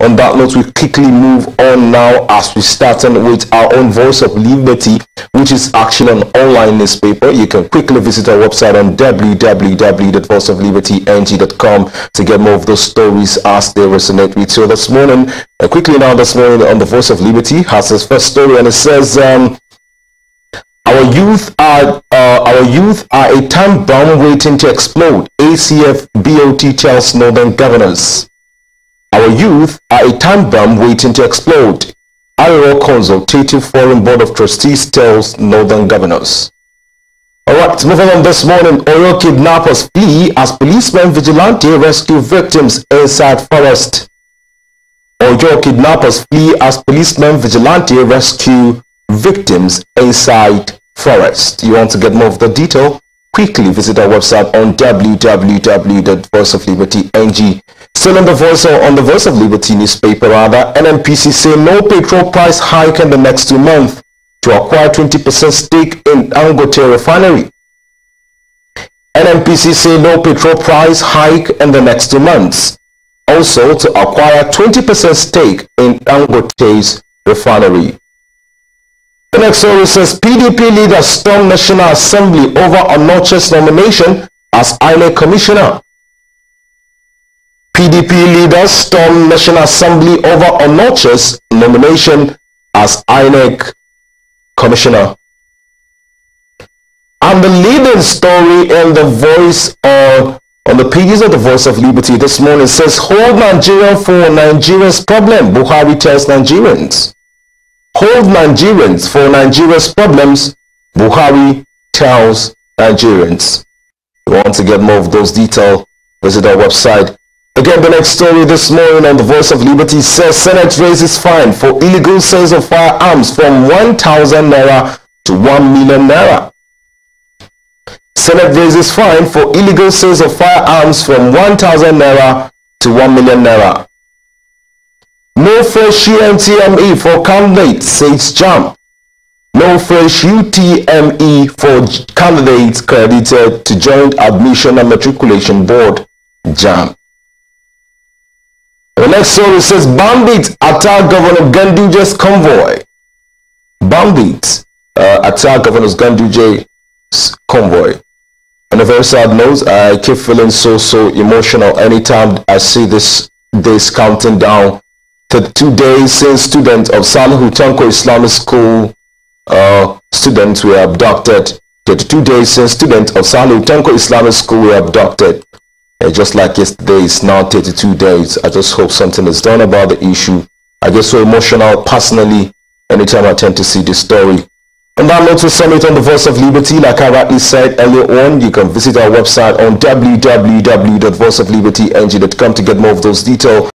On that note, we quickly move on now as we start on with our own Voice of Liberty, which is actually an online newspaper. You can quickly visit our website on www.voiceoflibertyng.com to get more of those stories as they resonate with you. This morning, uh, quickly now this morning on the Voice of Liberty has its first story and it says, um, our youth are uh, our youth are a time bomb waiting to explode. ACF BOT tells Northern governors. Our youth are a time bomb waiting to explode. IRO Consultative Foreign Board of Trustees tells Northern Governors. Alright, moving on this morning, Oyo kidnappers flee as policemen vigilante rescue victims inside forest. Oyo kidnappers flee as policemen vigilante rescue victims inside forest. You want to get more of the detail? Quickly visit our website on www.voiceofliberty.ng. Still on the voice on the voice of liberty newspaper rather, NNPC say no petrol price hike in the next two months to acquire 20% stake in Angote refinery. NNPC say no petrol price hike in the next two months. Also to acquire 20% stake in Angote's refinery. The next story says PDP leader stormed National Assembly over Anoche's nomination as INEC commissioner. PDP leader storm National Assembly over Onoche's nomination as INEC commissioner. And the leading story in the voice of on the pages of the Voice of Liberty this morning says, Hold Nigerians for Nigeria's problem, Buhari tells Nigerians. Hold Nigerians for Nigeria's problems, Buhari tells Nigerians. If you want to get more of those details, visit our website Again, the next story this morning on The Voice of Liberty says Senate raises fine for illegal sales of firearms from 1,000 naira to 1 million naira. Senate raises fine for illegal sales of firearms from 1,000 naira to 1 million naira. No fresh UTME for candidates, says JAM. No fresh UTME for candidates credited to Joint Admission and Matriculation Board, JAM. The next story says bandits attack Governor Ganduja's convoy. Bandits uh, attack Governor Ganduja's convoy. On a very sad note, I keep feeling so so emotional anytime I see this this counting down to two days since students of San Tanko Islamic School uh, students were abducted. 32 days since students of San Tanko Islamic School were abducted. Uh, just like yesterday, it's now 32 days. I just hope something is done about the issue. I get so emotional personally anytime I tend to see this story. And that note, we summit on the Voice of Liberty. Like I rightly said earlier on, you can visit our website on www.voiceoflibertyng.com to get more of those details.